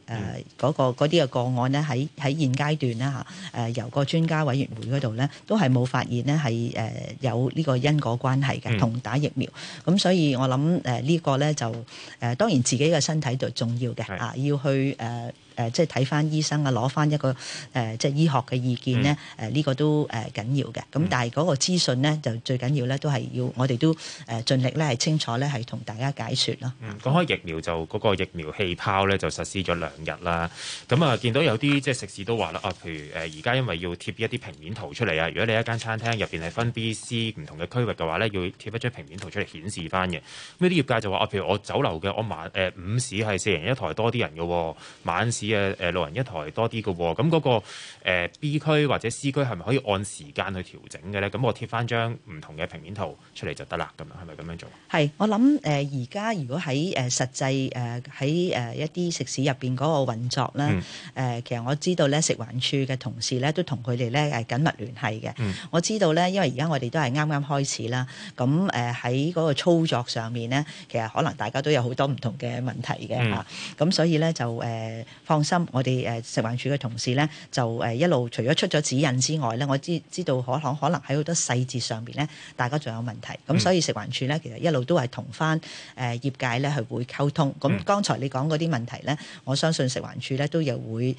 嗰個嗰啲嘅個案咧喺喺現階段啦嚇誒由個專家委員會嗰度咧都係冇發現咧係誒有呢個因果關係。關係嘅同打疫苗，咁、嗯、所以我諗誒、呃呢個、呢個咧就誒、呃、當然自己嘅身體就重要嘅是的 啊，要去誒。呃誒、呃、即係睇翻醫生啊，攞翻一個誒、呃、即係醫學嘅意見、嗯呃這個、的呢，誒呢個都誒緊要嘅。咁但係嗰個資訊咧就最緊要呢，都係要我哋都誒盡力呢，係清楚呢，係同大家解說咯。講開、嗯、疫苗就嗰、那個疫苗氣泡呢，就實施咗兩日啦。咁啊見到有啲即係食肆都話啦啊，譬如誒而家因為要貼一啲平面圖出嚟啊，如果你一間餐廳入邊係分 B、C 唔同嘅區域嘅話呢，要貼一張平面圖出嚟顯示翻嘅。咁呢啲業界就話啊，譬如我酒樓嘅我晚誒、呃、午市係四人一台多啲人嘅，晚市嘅誒六人一台多啲嘅喎，咁嗰個誒 B 區或者 C 區係咪可以按時間去調整嘅咧？咁我貼翻張唔同嘅平面圖出嚟就得啦，咁樣係咪咁樣做？係，我諗誒而家如果喺誒、呃、實際誒喺誒一啲食肆入邊嗰個運作咧，誒、嗯呃、其實我知道咧食環署嘅同事咧都同佢哋咧誒緊密聯繫嘅。嗯、我知道咧，因為而家我哋都係啱啱開始啦，咁誒喺嗰個操作上面咧，其實可能大家都有好多唔同嘅問題嘅吓，咁、嗯啊、所以咧就誒。呃放心，我哋誒食環署嘅同事咧，就誒一路除咗出咗指引之外咧，我知知道可可能喺好多細節上邊咧，大家仲有問題，咁、嗯、所以食環署咧其實一路都係同翻誒業界咧係會溝通。咁剛才你講嗰啲問題咧，我相信食環署咧都又會誒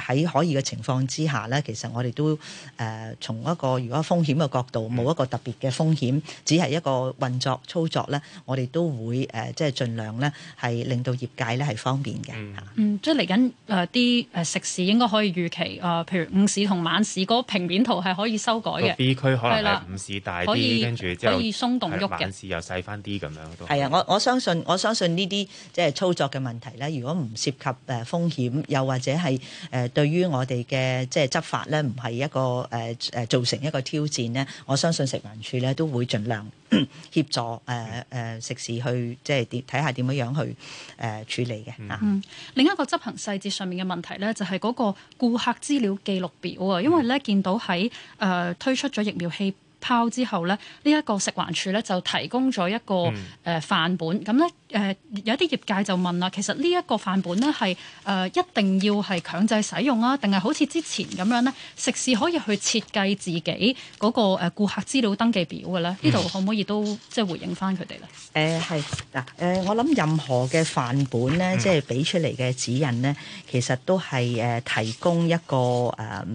喺、呃、可以嘅情況之下咧，其實我哋都誒、呃、從一個如果風險嘅角度冇一個特別嘅風險，嗯、只係一個運作操作咧，我哋都會誒、呃、即係盡量咧係令到業界咧係方便嘅嚇。嗯、嗯，即係嚟緊。誒啲誒食肆應該可以預期啊、呃，譬如午市同晚市嗰平面圖係可以修改嘅。B 區可能係午市大啲，跟住的之後可以鬆動喐嘅，晚市又細翻啲咁樣都係啊。我我相信我相信呢啲即係操作嘅問題咧，如果唔涉及誒風險，又或者係誒對於我哋嘅即係執法咧，唔係一個誒誒、呃、造成一個挑戰咧，我相信食環署咧都會盡量協 助誒誒、呃呃、食肆去即係點睇下點樣樣去誒、呃、處理嘅嚇。嗯嗯、另一個執行細節上面嘅問題咧，就係、是、嗰個顧客資料記錄表啊，因為咧見到喺誒、呃、推出咗疫苗器泡之後咧，呢、這、一個食環署咧就提供咗一個誒範本。咁咧誒，有啲業界就問啦，其實呢一個範本咧係誒一定要係強制使用啊，定係好似之前咁樣咧，食肆可以去設計自己嗰個誒顧客資料登記表嘅咧？呢度、嗯、可唔可以都即係回應返佢哋咧？誒係嗱誒，我諗任何嘅範本咧，嗯、即係俾出嚟嘅指引咧，其實都係誒提供一個誒。呃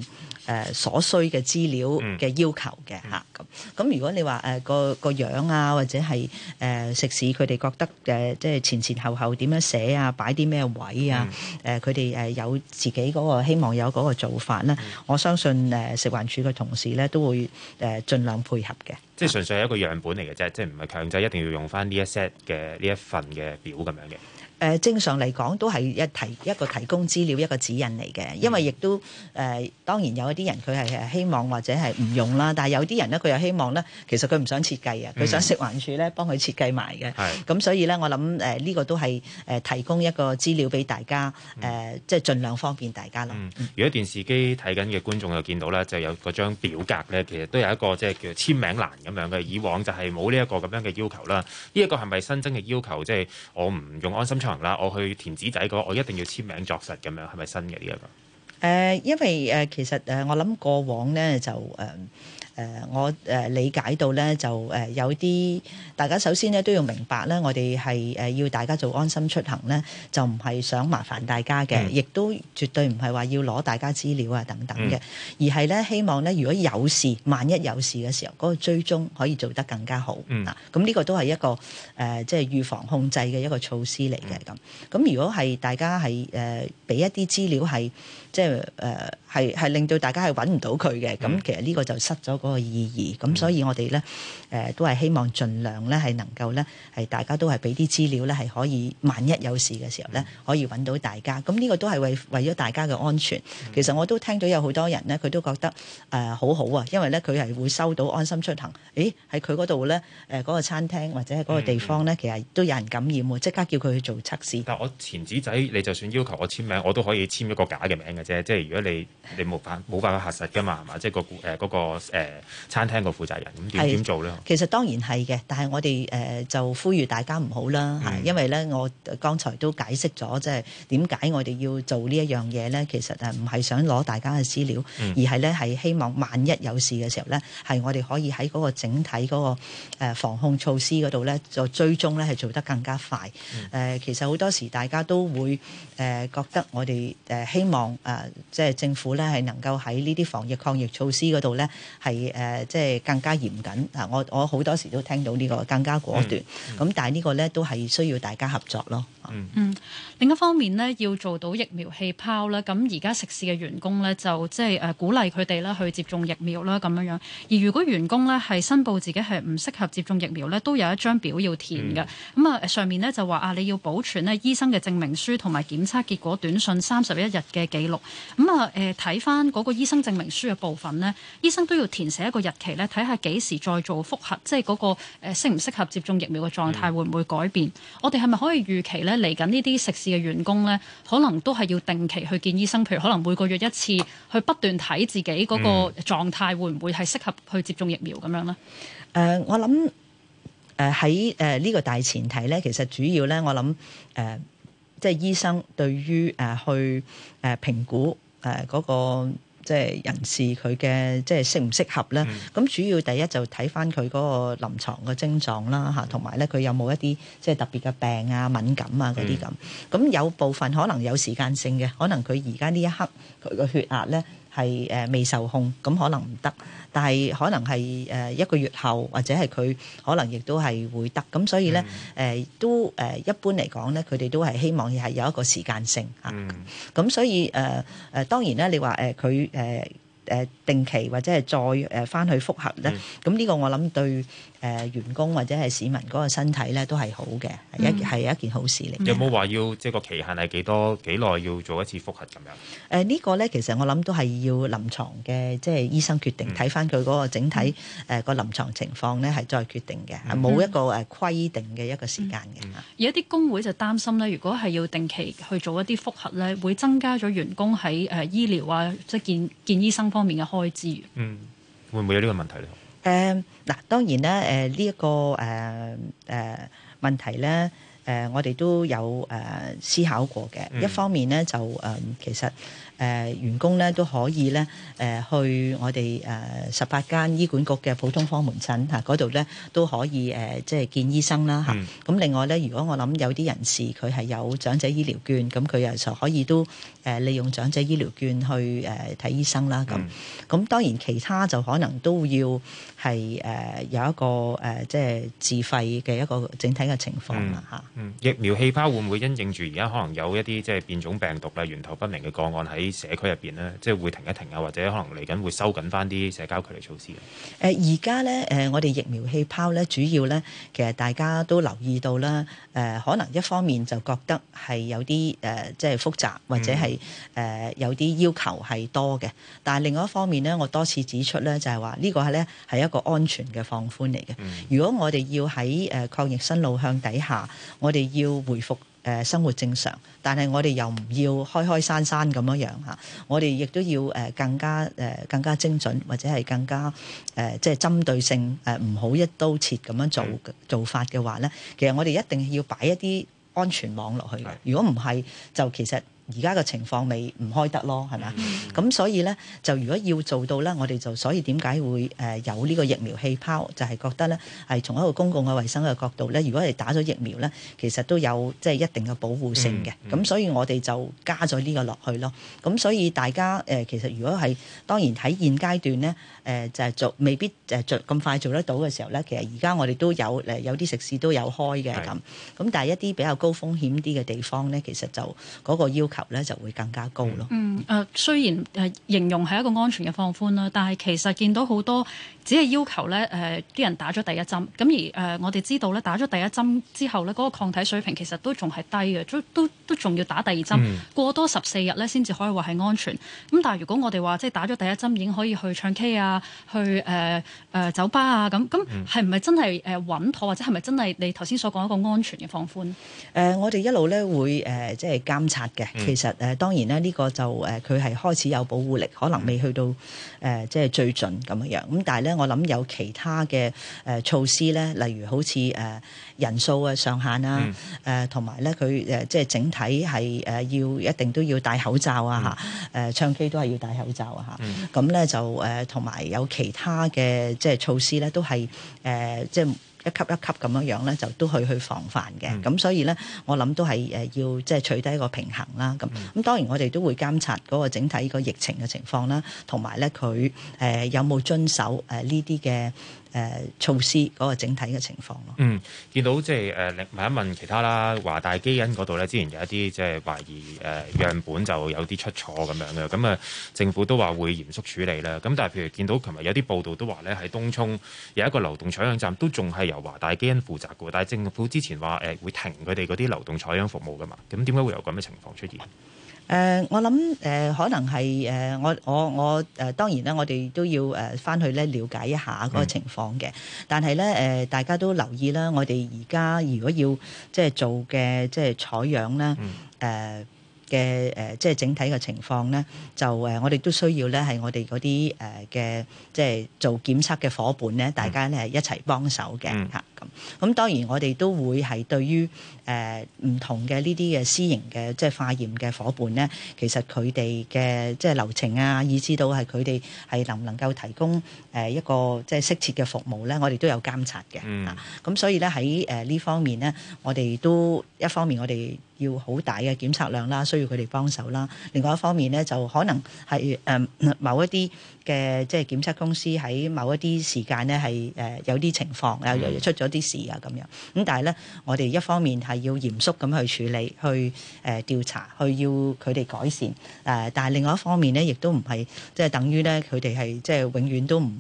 誒、呃、所需嘅資料嘅要求嘅嚇咁咁，嗯嗯啊、如果你話誒、呃嗰個、嗰個樣啊，或者係誒、呃、食肆佢哋覺得嘅，即、呃、係前前後後點樣寫啊，擺啲咩位啊，誒佢哋誒有自己嗰個希望有嗰個做法咧，嗯、我相信誒、呃、食環署嘅同事咧都會誒、呃、盡量配合嘅。即係純粹係一個樣本嚟嘅啫，啊、即係唔係強制一定要用翻呢一 set 嘅呢一份嘅表咁樣嘅。誒正常嚟講都係一提一個提供資料一個指引嚟嘅，因為亦都誒、呃、當然有一啲人佢係希望或者係唔用啦，但係有啲人呢，佢又希望呢，其實佢唔想設計啊，佢想食環署呢，幫佢設計埋嘅。咁所以呢，我諗誒呢個都係誒提供一個資料俾大家誒、嗯呃，即係儘量方便大家咯。嗯、如果電視機睇緊嘅觀眾又見到呢，就有嗰張表格呢，其實都有一個即係叫簽名欄咁樣嘅，以往就係冇呢一個咁樣嘅要求啦。呢一個係咪新增嘅要求？即、這、係、個就是、我唔用安心窗，啦，我去填紙仔嘅話，我一定要簽名作實咁樣，係咪新嘅呢一個？誒，因為誒，其實誒，我諗過往咧，就誒。呃呃、我、呃、理解到咧，就有啲、呃、大家首先咧都要明白咧，我哋係、呃、要大家做安心出行咧，就唔係想麻煩大家嘅，亦、mm. 都絕對唔係話要攞大家資料啊等等嘅，mm. 而係咧希望咧如果有事，萬一有事嘅時候，嗰、嗰個追蹤可以做得更加好，咁呢、mm. 啊、個都係一個誒、呃，即係預防控制嘅一個措施嚟嘅咁。咁如果係大家係誒俾一啲資料係即係係係令到大家係揾唔到佢嘅，咁其實呢個就失咗嗰個意義。咁、嗯、所以我哋咧，誒、呃、都係希望盡量咧係能夠咧係大家都係俾啲資料咧係可以，萬一有事嘅時候咧、嗯、可以揾到大家。咁呢個都係為為咗大家嘅安全。嗯、其實我都聽到有好多人咧，佢都覺得誒、呃、好好啊，因為咧佢係會收到安心出行。誒喺佢嗰度咧，誒嗰、呃嗰個餐廳或者嗰個地方咧，嗯、其實都有人感染喎，即刻叫佢去做測試。但我前子仔，你就算要求我簽名，我都可以簽一個假嘅名嘅啫。即係如果你你冇辦冇辦法去核實㗎嘛，係嘛？即係個誒嗰、呃嗰個、呃、餐廳個負責人，咁點點做咧？其實當然係嘅，但係我哋誒、呃、就呼籲大家唔好啦，嚇、嗯，因為咧我剛才都解釋咗，即係點解我哋要做這呢一樣嘢咧？其實誒唔係想攞大家嘅資料，而係咧係希望萬一有事嘅時候咧，係我哋可以喺嗰個整體嗰個防控措施嗰度咧，就追蹤咧係做得更加快。誒、嗯呃，其實好多時大家都會誒覺得我哋誒希望誒即係政府。咧係能夠喺呢啲防疫抗疫措施嗰度咧，係誒即係更加嚴謹啊！我我好多時都聽到呢、呢個更加果斷咁、嗯嗯、但係呢個咧都係需要大家合作咯。嗯，另一方面咧，要做到疫苗氣泡咧，咁而家食肆嘅員工咧，就即係誒鼓勵佢哋咧去接種疫苗啦咁樣樣。而如果員工咧係申報自己係唔適合接種疫苗咧，都有一張表要填嘅。咁啊、嗯嗯嗯嗯，上面咧就話啊，你要保存咧醫生嘅證明書同埋檢測結果短信三十一日嘅記錄。咁啊誒，睇翻嗰個醫生證明書嘅部分咧，醫生都要填寫一個日期咧，睇下幾時再做複核，即係嗰個誒、呃、適唔適合接種疫苗嘅狀態會唔會改變。嗯、我哋係咪可以預期呢？嚟緊呢啲食肆嘅員工咧，可能都係要定期去見醫生，譬如可能每個月一次，去不斷睇自己嗰個狀態，嗯、會唔會係適合去接種疫苗咁樣咧？誒、呃，我諗誒喺誒呢個大前提咧，其實主要咧，我諗誒即係醫生對於誒、呃、去誒評估誒嗰、呃那個。即係人士佢嘅即係適唔適合咧？咁、嗯、主要第一就睇返佢嗰個臨牀嘅症狀啦嚇，同埋咧佢有冇一啲即係特別嘅病啊、敏感啊嗰啲咁。咁、嗯、有部分可能有時間性嘅，可能佢而家呢一刻佢個血壓咧。係誒未受控，咁可能唔得，但係可能係誒一個月後，或者係佢可能亦都係會得，咁所以咧誒、嗯呃、都誒、呃、一般嚟講咧，佢哋都係希望係有一個時間性嚇，咁、嗯啊、所以誒誒、呃、當然咧，你話誒佢誒誒定期或者係再誒翻去復核咧，咁呢、嗯、個我諗對。誒、呃呃、員工或者係市民嗰個身體咧，都係好嘅，係一係一件好事嚟。有冇話要即係個期限係幾多幾耐要做一次複核咁樣？誒呢個咧，其實我諗都係要臨床嘅，即係醫生決定，睇翻佢嗰個整體誒個臨床情況咧，係再決定嘅，冇、嗯、一個誒、呃、規定嘅一個時間嘅。有、嗯、一啲工會就擔心咧，如果係要定期去做一啲複核咧，會增加咗員工喺誒、呃、醫療啊，即係見見，見醫生方面嘅開支。嗯，會唔會有呢個問題咧？誒嗱，uh, 當然咧，呢、呃、一、這個誒誒、呃呃、問題咧、呃，我哋都有、呃、思考過嘅。一方面咧，就、呃、其實誒員工咧都可以咧，去我哋十八間醫管局嘅普通科門診嚇，嗰度咧都可以誒即係見醫生啦，咁、啊嗯、另外咧，如果我諗有啲人士佢係有長者醫療券，咁佢又就可以都、呃、利用長者醫療券去睇、呃、醫生啦。咁、啊、咁、嗯、當然其他就可能都要。係誒、呃、有一個誒、呃、即係自費嘅一個整體嘅情況啦嚇。嗯，疫苗氣泡會唔會因應住而家可能有一啲即係變種病毒啦、源頭不明嘅個案喺社區入邊咧，即係會停一停啊，或者可能嚟緊會收緊返啲社交距離措施啊？而家咧誒我哋疫苗氣泡咧，主要咧其實大家都留意到啦，誒、呃、可能一方面就覺得係有啲誒即係複雜或者係誒、呃、有啲要求係多嘅，但係另外一方面咧，我多次指出咧就係、是、話、這個、呢個係咧係一。個安全嘅放寬嚟嘅。如果我哋要喺誒、呃、抗疫新路向底下，我哋要回復誒、呃、生活正常，但係我哋又唔要開開閂閂咁樣吓。我哋亦都要誒、呃、更加誒、呃、更加精準，或者係更加誒即係針對性誒，唔、呃、好一刀切咁樣做的做法嘅話咧。其實我哋一定要擺一啲安全網落去嘅。如果唔係，就其實。而家嘅情況未唔開得咯，係嘛？咁、mm hmm. 所以呢，就如果要做到呢，我哋就所以點解會誒有呢個疫苗氣泡，就係、是、覺得呢，係從一個公共嘅衞生嘅角度呢，如果係打咗疫苗呢，其實都有即係一定嘅保護性嘅。咁、mm hmm. 所以我哋就加咗呢個落去咯。咁所以大家誒、呃，其實如果係當然喺現階段呢。誒、呃、就係、是、做未必誒做咁快做得到嘅時候咧，其實而家我哋都有誒有啲食肆都有開嘅咁，咁是的 但係一啲比較高風險啲嘅地方咧，其實就嗰、嗰個要求咧就會更加高咯。嗯，誒、嗯、雖然誒形容係一個安全嘅放寬啦，但係其實見到好多。只係要求咧誒啲人打咗第一針，咁而誒、呃、我哋知道咧打咗第一針之後咧，嗰、那個抗體水平其實都仲係低嘅，都都都仲要打第二針，過多十四日咧先至可以話係安全。咁但係如果我哋話即係打咗第一針已經可以去唱 K 啊，去誒誒酒吧啊咁，咁係唔係真係誒穩妥，或者係咪真係你頭先所講一個安全嘅放寬？誒、呃，我哋一路咧會誒、呃、即係監察嘅。其實誒、呃嗯、當然咧呢、這個就誒佢係開始有保護力，可能未去到誒、呃、即係最盡咁樣樣。咁但係咧。我諗有其他嘅誒措施咧，例如好似誒人數上限啊，誒同埋咧佢誒即係整體係誒要一定都要戴口罩啊吓，誒、嗯、唱 K 都係要戴口罩啊吓，咁咧就誒同埋有其他嘅即係措施咧，都係誒即係。一級一級咁樣樣咧，就都去去防範嘅。咁、嗯、所以咧，我諗都係、呃、要即係取得一個平衡啦。咁咁、嗯、當然我哋都會監察嗰個整體個疫情嘅情況啦，同埋咧佢誒有冇遵守呢啲嘅。呃誒措施嗰個整體嘅情況咯。嗯，見到即係另問一問其他啦，華大基因嗰度咧，之前有一啲即係懷疑誒樣本就有啲出錯咁樣嘅，咁啊政府都話會嚴肅處理啦。咁但係譬如見到琴日有啲報道都話咧，喺東涌有一個流動採樣站都仲係由華大基因負責嘅喎，但係政府之前話誒會停佢哋嗰啲流動採樣服務噶嘛，咁點解會有咁嘅情況出現？呃、我諗、呃、可能係、呃、我我我誒、呃，當然啦，我哋都要返、呃、去咧了解一下嗰個情況嘅。嗯、但係咧、呃、大家都留意啦，我哋而家如果要即係做嘅即係採樣咧，嘅、呃、即係整體嘅情況咧，就、呃、我哋都需要咧係我哋嗰啲嘅即係做檢測嘅伙伴咧，大家咧係、嗯、一齊幫手嘅吓。咁當然我哋都會係對於誒唔同嘅呢啲嘅私營嘅即係化驗嘅伙伴咧，其實佢哋嘅即係流程啊，以至到係佢哋係能唔能夠提供誒、呃、一個即係適切嘅服務咧，我哋都有監察嘅、嗯、啊。咁所以咧喺誒呢方面咧，我哋都一方面我哋，要好大嘅檢測量啦，需要佢哋幫手啦。另外一方面咧，就可能係誒、嗯、某一啲嘅即係檢測公司喺某一啲時間呢，係誒有啲情況啊，嗯、又出咗啲事啊咁樣。咁但係咧，我哋一方面係要嚴肅咁去處理，去誒調查，去要佢哋改善。誒，但係另外一方面呢，亦都唔係即係等於咧，佢哋係即係永遠都唔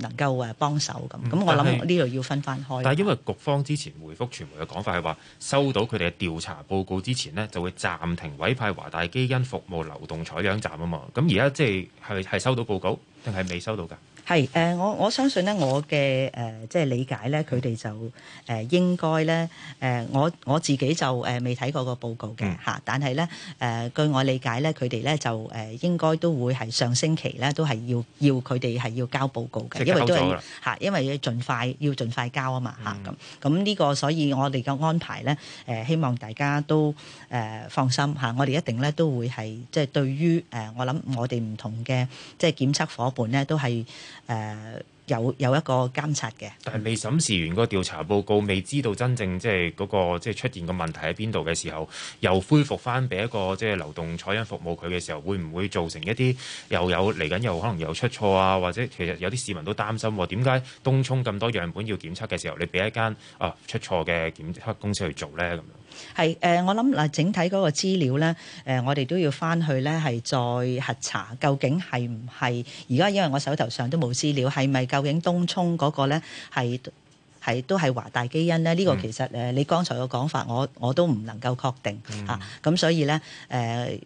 能夠誒幫手咁。咁、嗯、我諗呢度要分翻開。但係因為局方之前回覆傳媒嘅講法係話，收到佢哋嘅調查報告。之前咧就會暫停委派華大基因服務流動採樣站啊嘛，咁而家即係係咪係收到報告定係未收到噶？係誒，我我相信咧、呃呃，我嘅誒即係理解咧，佢哋就誒應該咧誒，我我自己就誒未睇過個報告嘅嚇，嗯、但係咧誒據我理解咧，佢哋咧就誒應該都會係上星期咧都係要要佢哋係要交報告嘅，因為都係嚇，因為要盡快要盡快交啊嘛嚇咁咁呢個，所以我哋嘅安排咧誒希望大家都誒、呃、放心嚇、啊，我哋一定咧都會係即係對於誒、呃、我諗我哋唔同嘅即係檢測夥伴咧都係。誒、呃、有有一個監察嘅，但係未審視完個調查報告，未知道真正即係嗰個即係、就是、出現個問題喺邊度嘅時候，又恢復翻俾一個即係流動採樣服務佢嘅時候，會唔會造成一啲又有嚟緊又可能又出錯啊？或者其實有啲市民都擔心喎，點解東涌咁多樣本要檢測嘅時候，你俾一間啊出錯嘅檢測公司去做咧咁？係誒、呃，我諗嗱，整體嗰個資料咧，誒、呃，我哋都要翻去咧，係再核查究竟係唔係而家，因為我手頭上都冇資料，係咪究竟東涌嗰個咧係係都係華大基因咧？呢、嗯、個其實誒，你剛才個講法我，我我都唔能夠確定嚇。咁、嗯啊、所以咧誒、呃，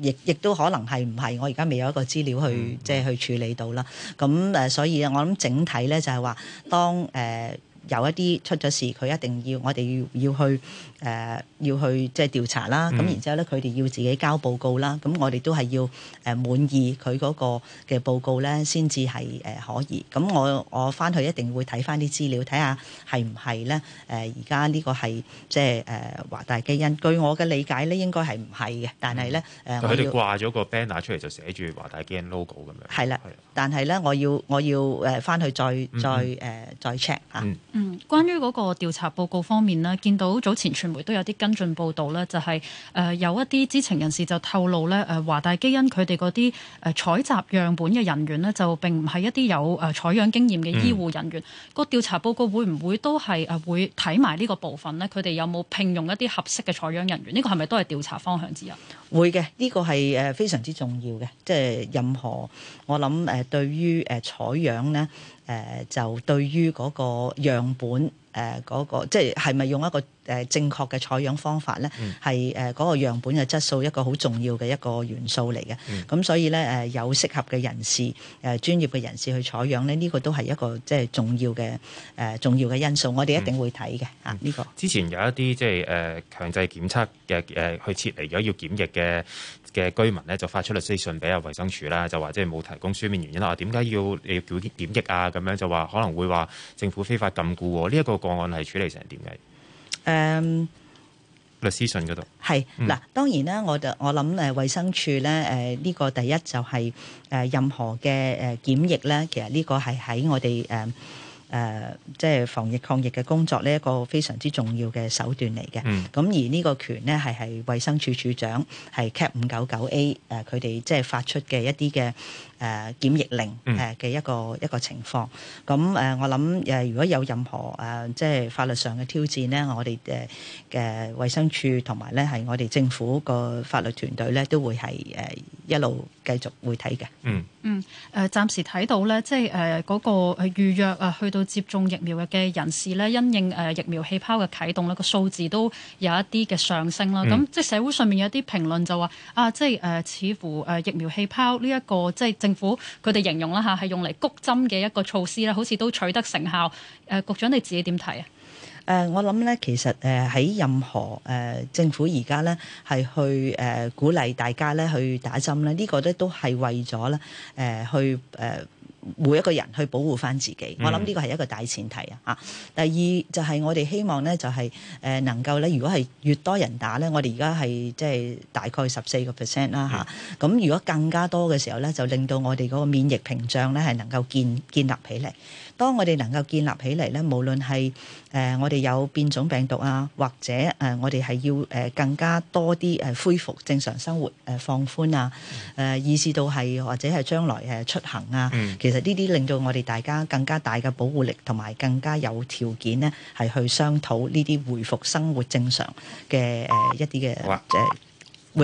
亦亦都可能係唔係我而家未有一個資料去即係、嗯、去處理到啦。咁誒，所以我諗整體咧就係話當誒。呃有一啲出咗事，佢一定要我哋要要去誒、呃、要去即係調查啦。咁、嗯、然之後咧，佢哋要自己交報告啦。咁我哋都係要誒、呃、滿意佢嗰個嘅報告咧，先至係誒可以。咁我我翻去一定會睇翻啲資料，睇下係唔係咧誒而家呢、呃、個係即係誒華大基因。據我嘅理解咧，應該係唔係嘅。但係咧誒，佢哋掛咗個 banner 出嚟就寫住華大基因 logo 咁樣。係啦的，是的但係咧，我要我要誒翻去再、嗯、再誒、呃、再 check 吓。嗯。嗯，關於嗰個調查報告方面咧，見到早前傳媒都有啲跟進報導呢，就係誒有一啲知情人士就透露咧，誒華大基因佢哋嗰啲誒採集樣本嘅人員呢，就並唔係一啲有誒採樣經驗嘅醫護人員。個調查報告會唔會都係誒會睇埋呢個部分呢，佢哋有冇聘用一啲合適嘅採樣人員？呢個係咪都係調查方向之一？會嘅，呢個係誒非常之重要嘅，即係任何我諗誒對於誒採樣呢。誒，就對於 𠮶 個樣本。誒嗰、呃那個即係係咪用一個誒正確嘅採樣方法咧？係誒嗰個樣本嘅質素一個好重要嘅一個元素嚟嘅。咁、嗯、所以咧誒有適合嘅人士誒專、呃、業嘅人士去採樣咧，呢、這個都係一個即係重要嘅誒、呃、重要嘅因素。我哋一定會睇嘅、嗯、啊呢、這個。之前有一啲即係誒強制檢測嘅誒去設嚟咗要檢疫嘅嘅居民咧，就發出律師信俾啊衞生署啦，就話即係冇提供書面原因啊，點解要要叫檢疫啊？咁樣就話可能會話政府非法禁錮喎。呢、這、一個個案係處理成點嘅？誒、嗯，律師信嗰度係嗱，當然啦，我就我諗誒，衛生署咧，誒、呃，呢、這個第一就係誒，任何嘅誒檢疫咧，其實呢個係喺我哋誒。呃誒、呃，即係防疫抗疫嘅工作，呢一個非常之重要嘅手段嚟嘅。咁、嗯、而呢個權呢，係係衛生署署長，係 CAP 五九九 A 誒、呃，佢哋即係發出嘅一啲嘅誒檢疫令嘅一個一個情況。咁誒、呃，我諗誒、呃，如果有任何誒、呃、即係法律上嘅挑戰呢，我哋誒嘅衛生署同埋咧，係我哋政府個法律團隊咧，都會係誒一路繼續會睇嘅。嗯嗯誒、呃，暫時睇到咧，即係誒、呃嗰個預約啊，去到。都接種疫苗嘅嘅人士咧，因應誒、呃、疫苗氣泡嘅啟動咧，個數字都有一啲嘅上升啦。咁、嗯、即係社會上面有啲評論就話啊，即係誒、呃、似乎誒、呃、疫苗氣泡呢、這、一個即係政府佢哋形容啦嚇，係、啊、用嚟谷針嘅一個措施啦，好似都取得成效。誒、呃、局長你自己點睇啊？誒、呃、我諗咧，其實誒喺、呃、任何誒、呃、政府而家咧係去誒、呃、鼓勵大家咧去打針咧，這個、呢個咧都係為咗咧誒去誒。呃每一個人去保護翻自己，我諗呢個係一個大前提啊！嗯、第二就係我哋希望咧，就係誒能夠咧，如果係越多人打咧，我哋而家係即係大概十四個 percent 啦嚇，咁如果更加多嘅時候咧，就令到我哋嗰個免疫屏障咧係能夠建建立起嚟。當我哋能夠建立起嚟咧，無論係誒我哋有變種病毒啊，或者誒、呃、我哋係要誒、呃、更加多啲誒恢復正常生活誒、呃、放寬啊，誒以至到係或者係將來誒出行啊，嗯、其實呢啲令到我哋大家更加大嘅保護力同埋更加有條件咧，係去商討呢啲回復生活正常嘅誒、呃、一啲嘅。